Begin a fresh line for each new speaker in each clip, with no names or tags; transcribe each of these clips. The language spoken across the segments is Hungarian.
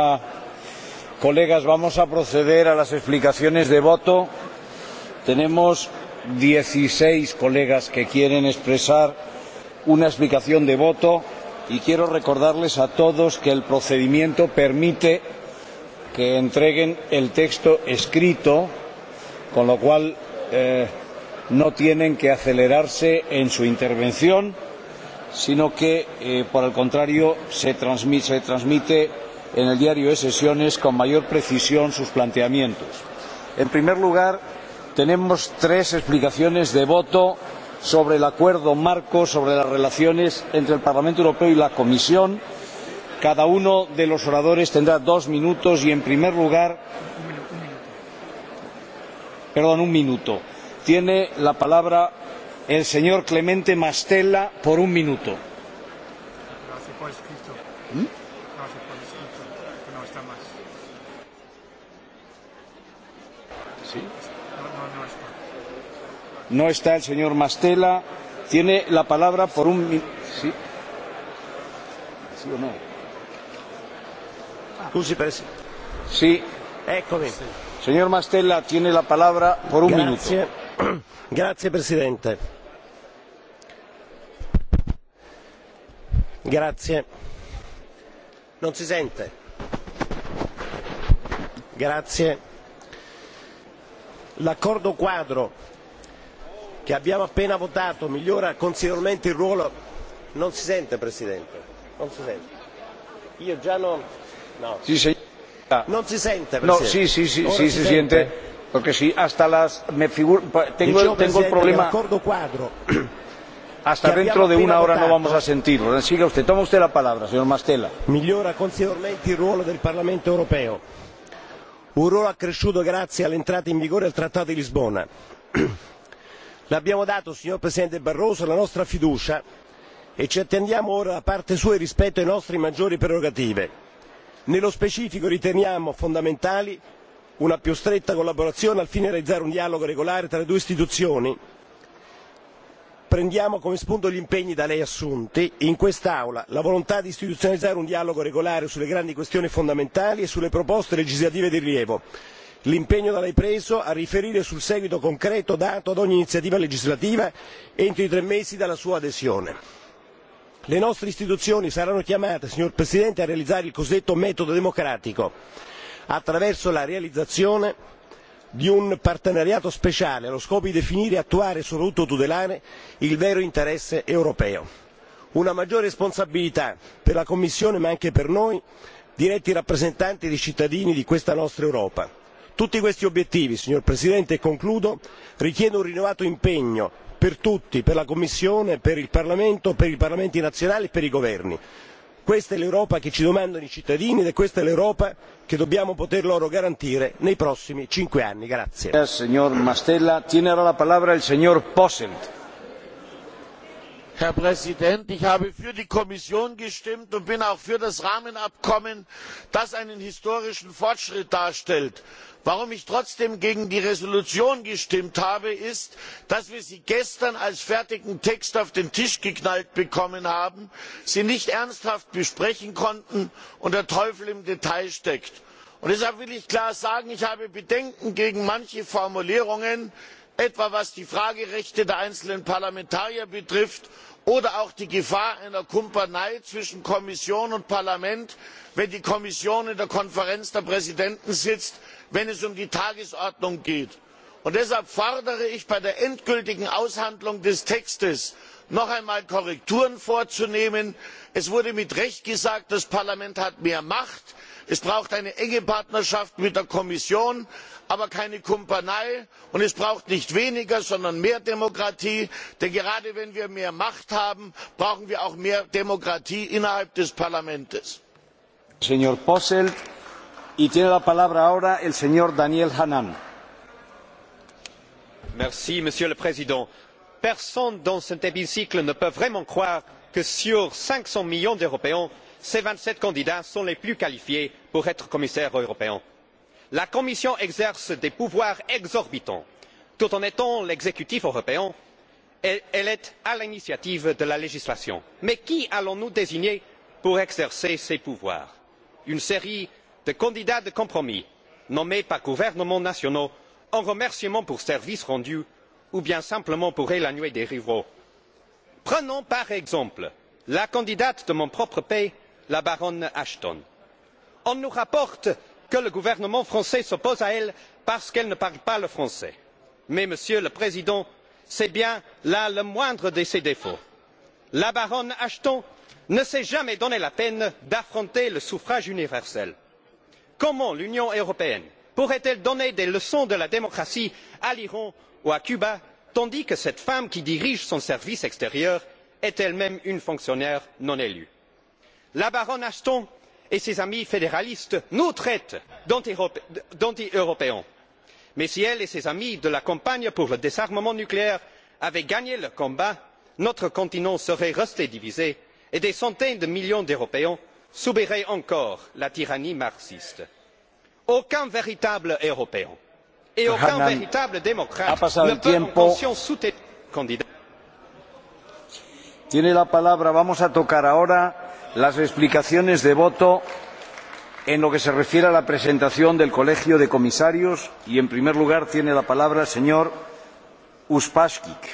Ah, colegas, vamos a proceder a las explicaciones de voto. Tenemos 16 colegas que quieren expresar una explicación de voto y quiero recordarles a todos que el procedimiento permite que entreguen el texto escrito, con lo cual eh, no tienen que acelerarse en su intervención, sino que, eh, por el contrario, se transmite, se transmite en el diario de sesiones con mayor precisión sus planteamientos. En primer lugar, tenemos tres explicaciones de voto sobre el acuerdo marco sobre las relaciones entre el Parlamento Europeo y la Comisión. Cada uno de los oradores tendrá dos minutos y, en primer lugar, perdón, un minuto. Tiene la palabra el señor Clemente Mastella por un minuto. ¿Mm? no está el señor Mastela. Tiene la palabra por un ¿Sí?
¿Sí o no?
Scusi, Presidente. Sí. Eccomi. Mastella, tiene la palabra por un Grazie. minuto. Grazie, Presidente. Grazie. Non si sente. Grazie. L'accordo quadro che abbiamo appena votato migliora considerevolmente il ruolo non si sente presidente non si sente io già non no sí, señor. Ah. no si sente presidente. no sí sí sí Ora sí si se siente, siente.
Porque hasta las. Me figur, tengo, Dicevo, tengo el problema.
Quadro,
hasta dentro de una vamos a sentirlo. Siga usted, toma usted la Mastella.
Migliora considerevolmente il ruolo del Parlamento europeo. Un ruolo accresciuto grazie all'entrata in vigore del Trattato di Lisbona. le abbiamo dato signor presidente barroso la nostra fiducia e ci attendiamo ora da parte sua il rispetto delle nostre maggiori prerogative. nello specifico riteniamo fondamentali una più stretta collaborazione al fine di realizzare un dialogo regolare tra le due istituzioni. prendiamo come spunto gli impegni da lei assunti in quest'aula la volontà di istituzionalizzare un dialogo regolare sulle grandi questioni fondamentali e sulle proposte legislative di rilievo l'impegno da lei preso a riferire sul seguito concreto dato ad ogni iniziativa legislativa entro i tre mesi dalla sua adesione. le nostre istituzioni saranno chiamate signor presidente a realizzare il cosiddetto metodo democratico attraverso la realizzazione di un partenariato speciale allo scopo di definire e attuare e soprattutto tutelare il vero interesse europeo. una maggiore responsabilità per la commissione ma anche per noi diretti rappresentanti dei cittadini di questa nostra europa tutti questi obiettivi signor presidente e concludo richiedono un rinnovato impegno per tutti per la commissione per il parlamento per i parlamenti nazionali e per i governi. questa è l'europa che ci domandano i cittadini ed è questa l'europa che dobbiamo poter loro garantire nei prossimi cinque anni
herr präsident! ich habe für die kommission gestimmt und bin auch für das rahmenabkommen das einen historischen fortschritt darstellt. warum ich trotzdem gegen die entschließung gestimmt habe ist dass wir sie gestern als fertigen text auf den tisch geknallt bekommen haben sie nicht ernsthaft besprechen konnten und der teufel im detail steckt. deshalb will ich klar sagen ich habe bedenken gegen manche formulierungen etwa was die fragerechte der einzelnen parlamentarier betrifft oder auch die gefahr einer kumpanei zwischen kommission und parlament wenn die kommission in der konferenz der präsidenten sitzt wenn es um die tagesordnung geht. deshalb fordere ich bei der endgültigen aushandlung des textes noch einmal korrekturen vorzunehmen. es wurde mit recht gesagt das parlament hat mehr macht es braucht eine enge partnerschaft mit der kommission aber keine kumpanei und es braucht nicht weniger sondern mehr demokratie denn gerade wenn wir mehr macht haben brauchen wir auch mehr demokratie innerhalb des parlaments.
monsieur le président personne dans cet hémicycle ne peut vraiment croire que sur cinq cents millions d'européens ces vingt sept candidats sont les plus qualifiés pour être commissaires européens. la commission exerce des pouvoirs exorbitants tout en étant l'exécutif européen elle est à l'initiative de la législation. mais qui allons nous désigner pour exercer ces pouvoirs? une série de candidats de compromis nommés par les gouvernements nationaux en remerciement pour service rendu ou bien simplement pour éloigner des rivaux. prenons par exemple la candidate de mon propre pays la baronne ashton. on nous rapporte que le gouvernement français s'oppose à elle parce qu'elle ne parle pas le français mais monsieur le président c'est bien là le moindre de ses défauts. la baronne ashton ne s'est jamais donné la peine d'affronter le suffrage universel. comment l'union européenne pourrait elle donner des leçons de démocratie à l'iran ou à cuba tandis que cette femme qui dirige son service extérieur est elle même une fonctionnaire non élue? la baronne ashton et ses amis fédéralistes nous traitent d'anti européens mais si elle et ses amis de la campagne pour le désarmement nucléaire avaient gagné le combat notre continent serait resté divisé et des centaines de millions d'européens subiraient encore la tyrannie marxiste. aucun véritable européen et euh, aucun véritable démocrate ne peut en conscience soutenir un candidat
las explicaciones de voto en lo que se refiere a la presentación del colegio de comisarios y en primer lugar tiene la palabra el señor uspaskich.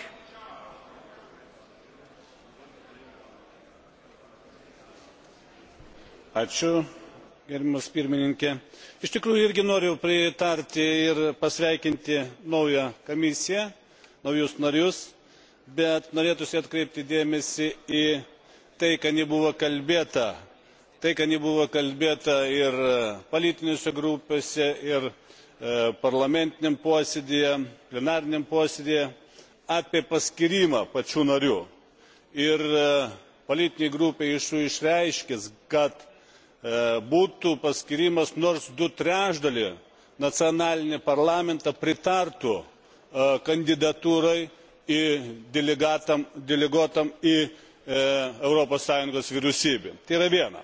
Ačiū, gerbiamas pirmininkė. Iš tikrųjų irgi noriu pritarti ir pasveikinti naują komisiją, naujus narius, bet norėtųsi atkreipti dėmesį į tai kad nebuvo kalbėta tai kad nebuvo kalbėta ir e, politinėse grupėse ir e, parlamentiniame posėdyje plenariniame posėdyje apie paskyrimą pačių narių ir e, politinė grupė išreiškė kad būtų paskyrimas nors du trečdaliai nacionalinių parlamentų pritartų kandidatūrai deleguotam į E, europos sąjungos vyriausybė tai yra viena.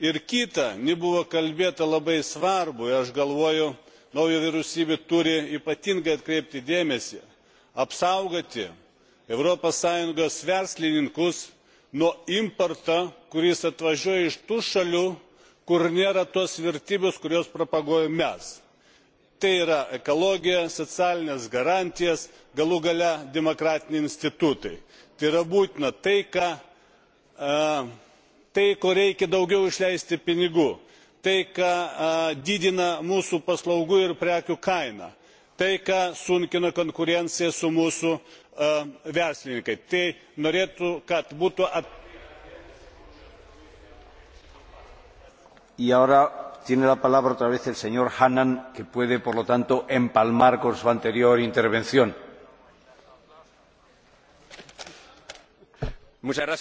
ir kita nebuvo kalbėta labai svarbu ir aš galvoju nauja vyriausybė turi ypatingai atkreipti dėmesį apsaugoti europos sąjungos verslininkus nuo importo kuris atvažiuoja iš tų šalių kur nėra tos vertybės kurias propaguojame mes tai yra ekologija socialinės garantijos galų gale demokratiniai institutai tai yra būtina tai ko reikia daugiau išleisti pinigų tai ką didina mūsų paslaugų ir prekių kainą tai ką sunkina konkurencija su mūsų verslininkais. tai norėčiau kad būtų atkreiptas
dėmesys į tai. vez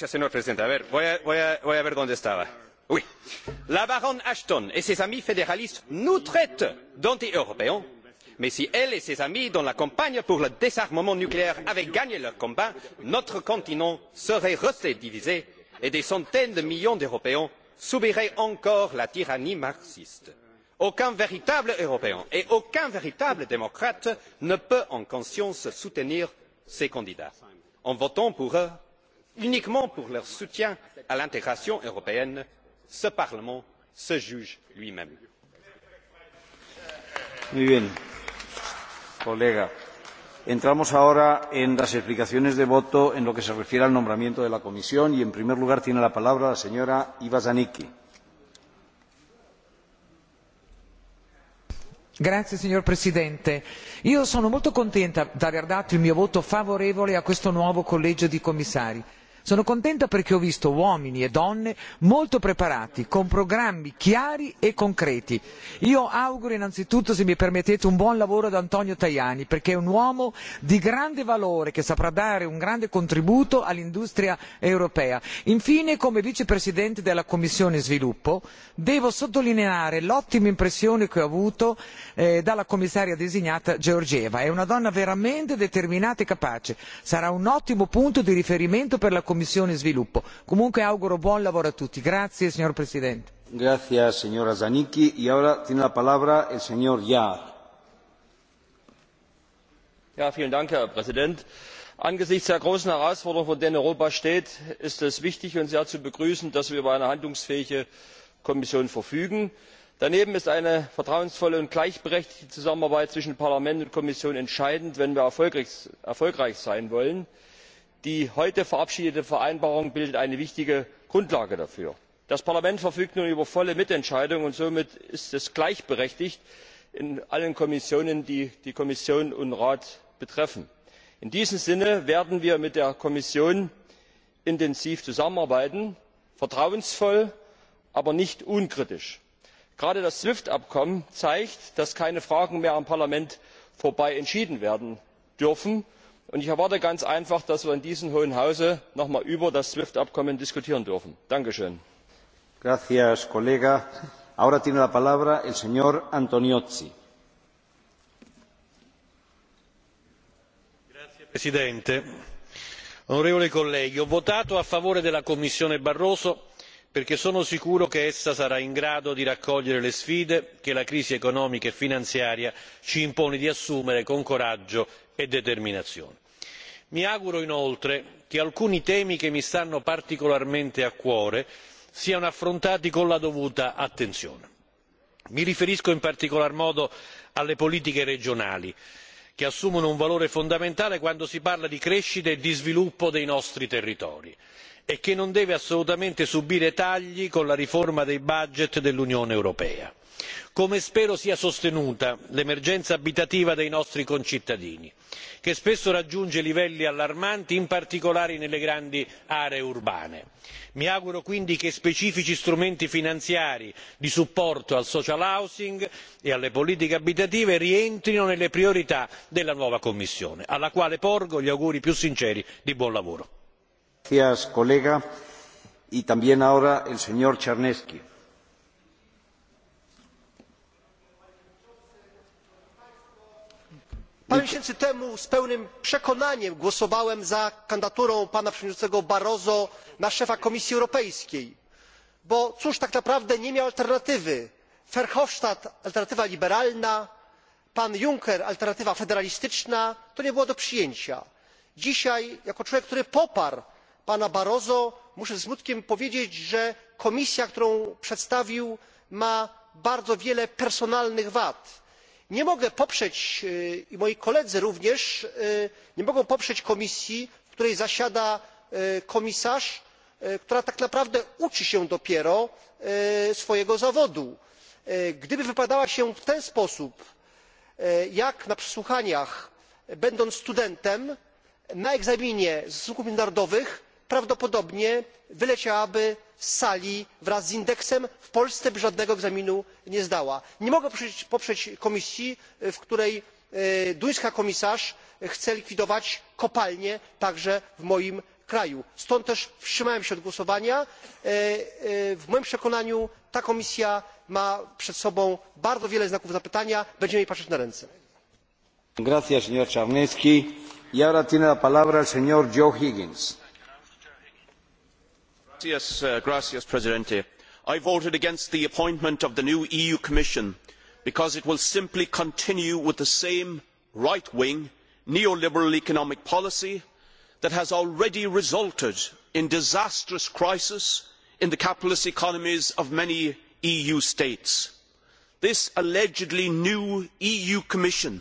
señor presidente voy a ver dónde estaba.
la baronne ashton et ses amis fédéralistes nous traitent d'anti européens mais si elle et ses amis dans la campagne pour le désarmement nucléaire avaient gagné leur combat notre continent serait resté divisé et des centaines de millions d'européens subiraient encore la tyrannie marxiste. aucun véritable européen et aucun véritable démocrate ne peut en conscience soutenir ces candidats. en votant pour eux uniquement pour leur soutien à l'intégration européenne ce parlement se juge lui même.
Entramos ahora en las explicaciones de voto en lo que se refiere al nombramiento de la comisión y en primer lugar tiene la palabra la señora Ivazanicki.
Grazie, signor
presidente io sono molto contenta di aver dato il mio voto favorevole a questo nuovo collegio di commissari sono contenta perché ho visto uomini e donne molto preparati con programmi chiari e concreti. io auguro innanzitutto se mi permettete un buon lavoro ad antonio tajani perché è un uomo di grande valore che saprà dare un grande contributo all'industria europea. infine come vicepresidente della commissione sviluppo devo sottolineare l'ottima impressione che ho avuto eh, dalla commissaria designata georgieva è una donna veramente determinata e capace sarà un ottimo punto di riferimento per la commissione sviluppo. comunque auguro buon lavoro a tutti. grazie signor presidente.
Herr Präsident angesichts der großen herausforderungen vor denen europa steht ist es wichtig und sehr zu begrüßen dass wir über eine handlungsfähige kommission verfügen. daneben ist eine vertrauensvolle und gleichberechtigte zusammenarbeit zwischen parlament und kommission entscheidend wenn wir erfolgreich sein wollen die heute verabschiedete vereinbarung bildet eine wichtige grundlage dafür. das parlament verfügt nun über volle mitentscheidung und somit ist es gleichberechtigt in allen kommissionen die die kommission und den rat betreffen. in diesem sinne werden wir mit der kommission intensiv zusammenarbeiten vertrauensvoll aber nicht unkritisch. gerade das swift abkommen zeigt dass keine fragen mehr am parlament vorbei entschieden werden dürfen ich erwarte ganz einfach dass wir in diesem hohen hause noch einmal über das swift abkommen diskutieren dürfen. danke schön!
signor
presidente onorevoli colleghi ho votato a favore della commissione barroso perché sono sicuro che essa sarà in grado di raccogliere le sfide che la crisi economica e finanziaria ci impone di assumere con coraggio e determinazione mi auguro inoltre che alcuni temi che mi stanno particolarmente a cuore siano affrontati con la dovuta attenzione. mi riferisco in particolar modo alle politiche regionali che assumono un valore fondamentale quando si parla di crescita e di sviluppo dei nostri territori e che non deve assolutamente subire tagli con la riforma dei budget dell'unione europea come spero sia sostenuta l'emergenza abitativa dei nostri concittadini che spesso raggiunge livelli allarmanti in particolare nelle grandi aree urbane. mi auguro quindi che specifici strumenti finanziari di supporto al social housing e alle politiche abitative rientrino nelle priorità della nuova commissione alla quale porgo gli auguri più sinceri di buon lavoro.
parę miesięcy temu z pełnym przekonaniem głosowałem za kandydaturą pana przewodniczącego barroso na szefa komisji europejskiej bo cóż tak naprawdę nie miał alternatywy verhofstadt alternatywa liberalna pan juncker alternatywa federalistyczna to nie było do przyjęcia. dzisiaj jako człowiek który poparł pana barroso muszę ze smutkiem powiedzieć że komisja którą przedstawił ma bardzo wiele personalnych wad nie mogę poprzeć e, i moi koledzy również e, nie mogą poprzeć komisji w której zasiada e, komisarz która tak naprawdę uczy się dopiero swojego zawodu. gdyby wypowiadała się w ten sposób jak na przesłuchaniach będąc studentem na egzaminie ze stosunków międzynarodowych prawdopodobnie wyleciałaby z sali wraz z indeksem w polsce by żadnego egzaminu nie zdała. nie mogę poprzeć komisji w której e, duńska komisarz chce likwidować kopalnie także w moim kraju stąd też wstrzymałem się od głosowania. E, e, w moim przekonaniu ta komisja ma przed sobą bardzo wiele znaków zapytania będziemy jej patrzeć na ręce
mr eh, president i voted against the appointment of the new eu commission because it will simply continue with the same right wing neo liberal economic policy that has already resulted in disastrous crisis in the capitalist economies of many eu states. this allegedly new eu commission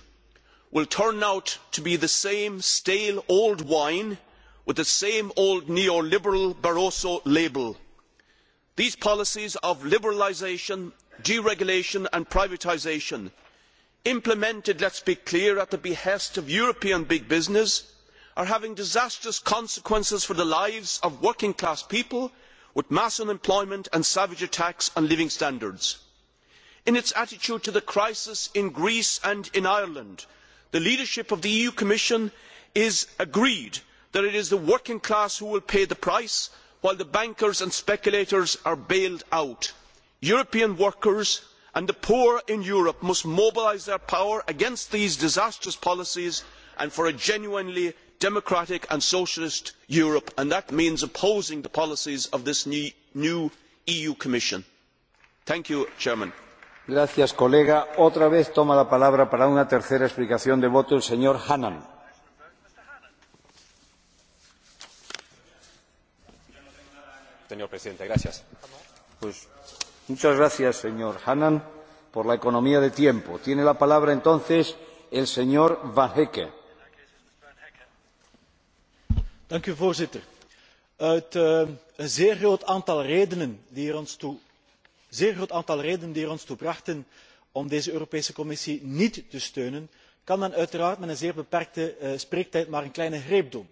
will turn out to be the same stale old wine with the same old neoliberal barroso label. these policies of liberalisation deregulation and privatisation implemented let us be clear at the behest of european big business are having disastrous consequences for the lives of working class people with mass unemployment and savage attacks on living standards. in its attitude to the crisis in greece and in ireland the leadership of the eu commission is agreed that it is the working class who will pay the price while the bankers and speculators are bailed out. european workers and the poor in europe must mobilise their power against these disastrous policies and for a genuinely democratic and socialist europe and that means opposing the policies of this new eu commission.
thank you chairman. Gracias, colega. Otra vez toma la palabra para una tercera explicación de voto el señor Hannan. señor presidente. muchas gracias señor hannan por la economía de tiempo. tiene la palabra entonces
el señor van hekken. voorzitter uit eh, een er zeer groot aantal redenen die er ons toe brachten om deze europese commissie niet te steunen kan men uiteraard met een zeer beperkte eh, spreektijd maar een kleine greep doen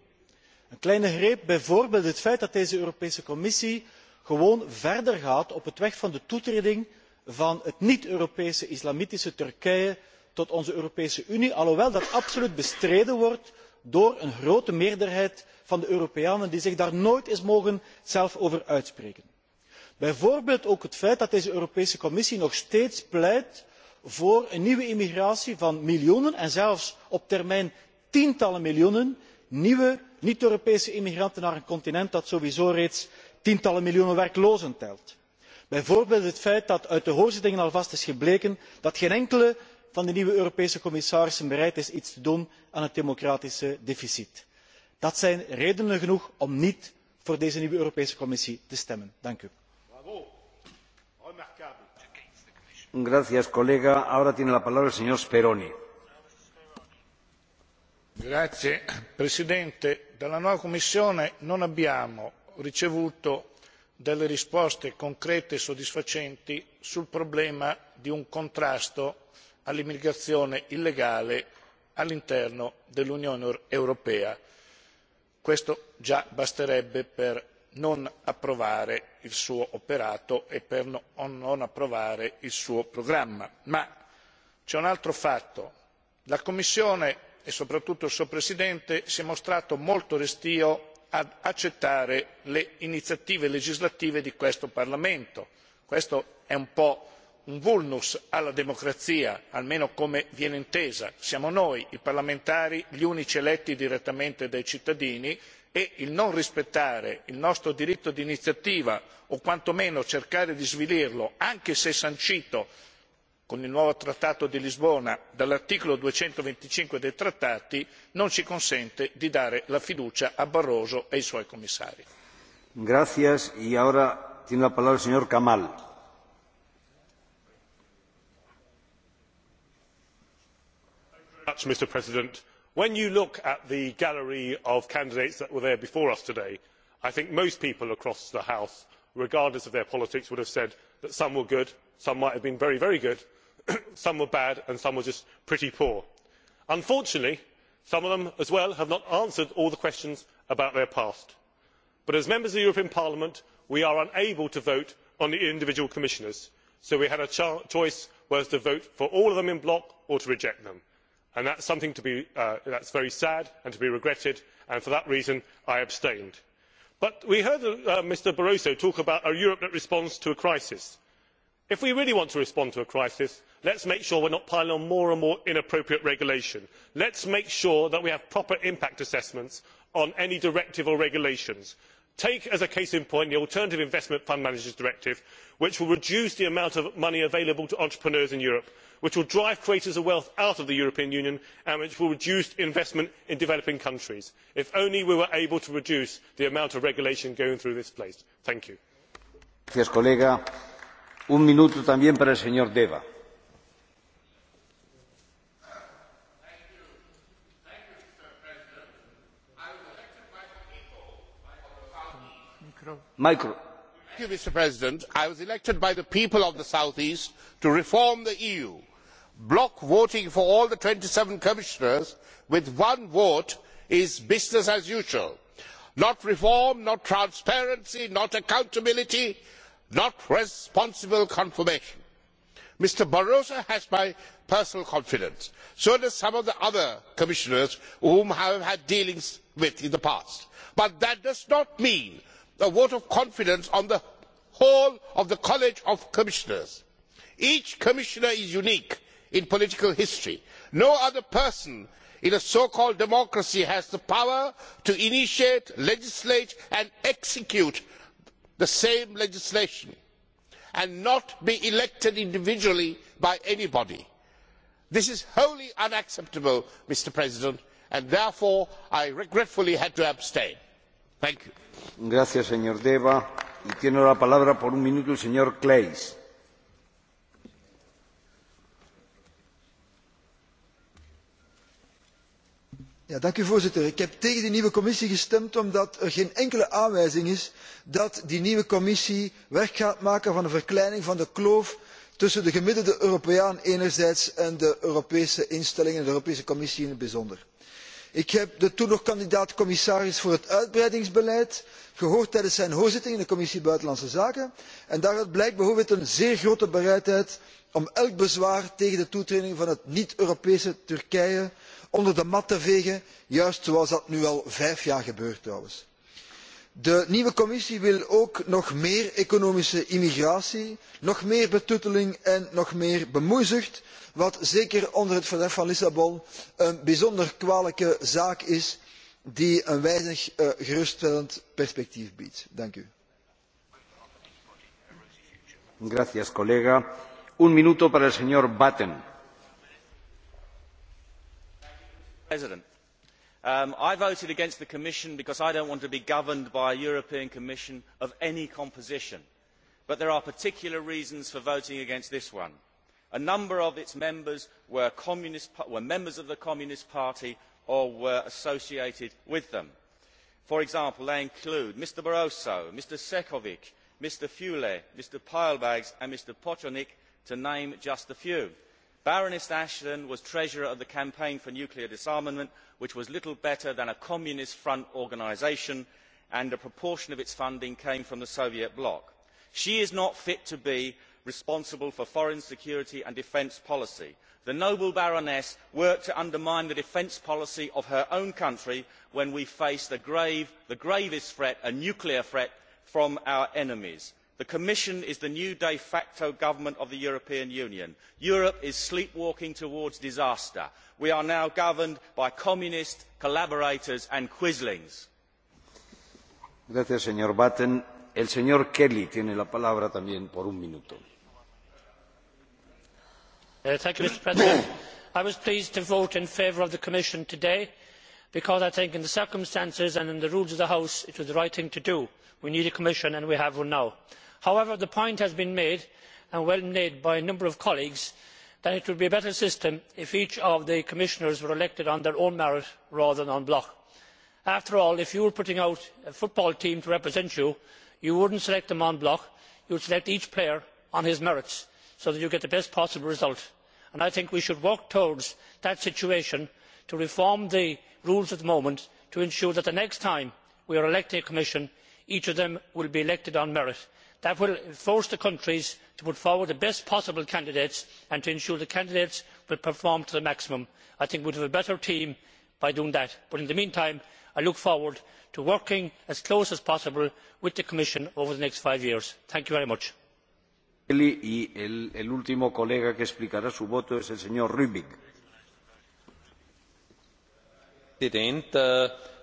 een kleine greep bijvoorbeeld het feit dat deze europese commissie gewoon verder gaat op de weg van de toetreding van het niet europese islamitische turkije tot onze europese unie alhoewel dat absoluut bestreden wordt door een grote meerderheid van de europeanen die zich daar nooit is mogen over uitspreken. bijvoorbeeld ook het feit dat deze europese commissie nog steeds pleit voor een nieuwe immigratie van miljoenen en zelfs op termijn tientallen miljoenen nieuwe niet europese immigranten naar een continent dat sowieso reeds tientallen miljoenen werklozen telt. bijvoorbeeld het feit dat uit de hoorzittingen alvast is gebleken dat geen enkele van de nieuwe europese commissarissen bereid is iets te doen aan het democratisch tekort. dat zijn redenen genoeg om niet voor deze nieuwe europese commissie te stemmen. dank u
signor presidente dalla nuova commissione non abbiamo ricevuto delle risposte concrete e soddisfacenti sul problema di un contrasto all'immigrazione illegale all'interno dell'unione europea. questo già basterebbe per non approvare il suo operato e per non approvare il suo programma ma c'è un altro fatto la commissione e soprattutto il suo presidente si è mostrato molto restio ad accettare le iniziative legislative di questo parlamento questo è un po' un vulnus alla democrazia almeno come viene intesa siamo noi i parlamentari gli unici eletti direttamente dai cittadini e il non rispettare il nostro diritto di iniziativa o quantomeno cercare di svilirlo anche se sancito con il nuovo trattato di lisbona dall'articolo duecentoventicinque dei trattati non ci consente di dare la fiducia a barroso e ai suoi commissari.
mr president when you look at the gallery of candidates that were there before us today i think most people across the house regardless of their politics would have said that some were good some might have been very very good some were bad and some were just pretty poor. unfortunately some of them as well have not answered all the questions about their past but as members of the european parliament we are unable to vote on the individual commissioners so we had a choice whether to vote for all of them in block or to reject them. And something uh, that is very sad and to be regretted and for that reason i abstained. but we heard uh, mr barroso talk about a europe that responds to a crisis. if we really want to respond to a crisis let us make sure we are not piling on more and more inappropriate regulation. let us make sure that we have proper impact assessments on any directive or regulations. take as a case in point the alternative investment fund managers directive which will reduce the amount of money available to entrepreneurs in europe which will drive creators of wealth out of the european union and which will reduce investment in developing countries. if only we were able to reduce the amount of regulation going through this place.
mr president i was elected by the people of the south east to reform the eu. block voting for all the twenty seven commissioners with one vote is business as usual not reform not transparency not accountability not responsible confirmation. mr barroso has my personal confidence so do some of the other commissioners whom i have had dealings with in the past but that does not mean a vote of confidence on the whole of the college of commissioners. each commissioner is unique in political history. no other person in a so called democracy has the power to initiate legislate and execute the same legislation and not be elected individually by anybody. this is wholly unacceptable mr president and therefore i regretfully had to abstain
voorzitter ik heb tegen de nieuwe commissie gestemd omdat er geen enkele aanwijzing is dat die nieuwe commissie werk gaat maken van een verkleining van de kloof tussen de gemiddelde europeaan enerzijds en de europese instellingen en de europese commissie in het bijzonder ik heb de toen nog kandidaat commissaris voor het uitbreidingsbeleid gehoord tijdens zijn hoorzitting in de commissie buitenlandse zaken en daaruit blijkt bijvoorbeeld een zeer grote bereidheid om elk bezwaar tegen de toetreding van het niet europese turkije onder de mat te vegen juist zoals dat nu al vijf jaar gebeurt trouwens de nieuwe commissie wil ook nog meer economische immigratie nog meer betutteling en nog meer bemoeizucht wat zeker onder het verdrag van lissabon een bijzonder kwalijke zaak is die een weinig eh, geruststellend perspectief biedt.
mr
president Um, i voted against the commission because i do not want to be governed by a european commission of any composition but there are particular reasons for voting against this one. a number of its members were, were members of the communist party or were associated with them. for example they include mr barroso mr efovi mr fle mr piebalgs and mr potonik to name just a few baroness ashton was treasurer of the campaign for nuclear disarmament which was little better than a communist front organisation and a proportion of its funding came from the soviet bloc. she is not fit to be responsible for foreign security and defence policy. the noble baroness worked to undermine the defence policy of her own country when we faced the gravest threat a nuclear threat from our enemies the commission is the new de facto government of the european union. europe is sleepwalking towards disaster. we are now governed by communist collaborators and quislings.
Uh, mr
president i was pleased to vote in favour of the commission today because i think in the circumstances and in the rules of the house it was the right thing to do. we need a commission and we have one now however the point has been made and well made by a number of colleagues that it would be a better system if each of the commissioners were elected on their own merit rather than en bloc. after all if you were putting out a football team to represent you you would not select them en bloc you would select each player on his merits so that you get the best possible result. i think we should work towards that situation to reform the rules at the moment to ensure that the next time we are electing a commission each of them will be elected on merit that will force the countries to put forward the best possible candidates and to ensure the candidates will perform to the maximum. i think we would have a better team by doing that but in the meantime i look forward to working as closely as possible with the commission over the next five years. thank you very much.
Äh,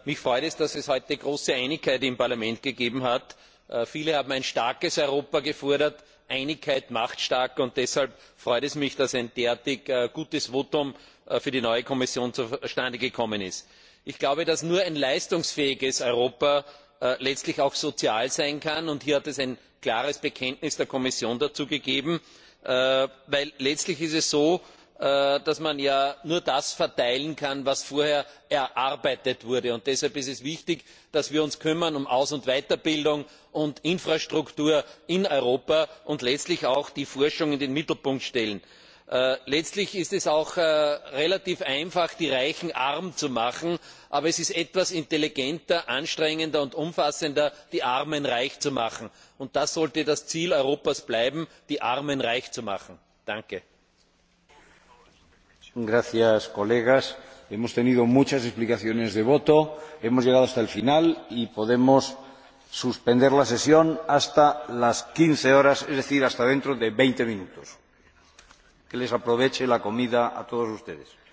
mich freut es dass es heute große einigkeit im parlament gegeben hat Äh, viele haben ein starkes europa gefordert. einigkeit macht stark und deshalb freut es mich dass ein derartig äh, gutes votum äh, für die neue kommission zustande gekommen ist. ich glaube dass nur ein leistungsfähiges europa letztlich auch sozial sein kann und hier hat es ein klares bekenntnis der kommission dazu gegeben denn letztlich ist es so Äh, dass man ja nur das verteilen kann was vorher erarbeitet wurde. deshalb ist es wichtig dass wir uns um aus und weiterbildung und infrastruktur in europa kümmern und letztlich auch die forschung in den mittelpunkt stellen. Äh, letztlich ist es auch äh, relativ einfach die reichen arm zu machen aber es ist etwas intelligenter anstrengender und umfassender die armen reich zu machen. das sollte das ziel europas bleiben die armen reich zu machen! danke!
Gracias, colegas. Hemos tenido muchas explicaciones de voto. Hemos llegado hasta el final y podemos suspender la sesión hasta las 15 horas, es decir, hasta dentro de veinte minutos. Que les aproveche la comida a todos ustedes.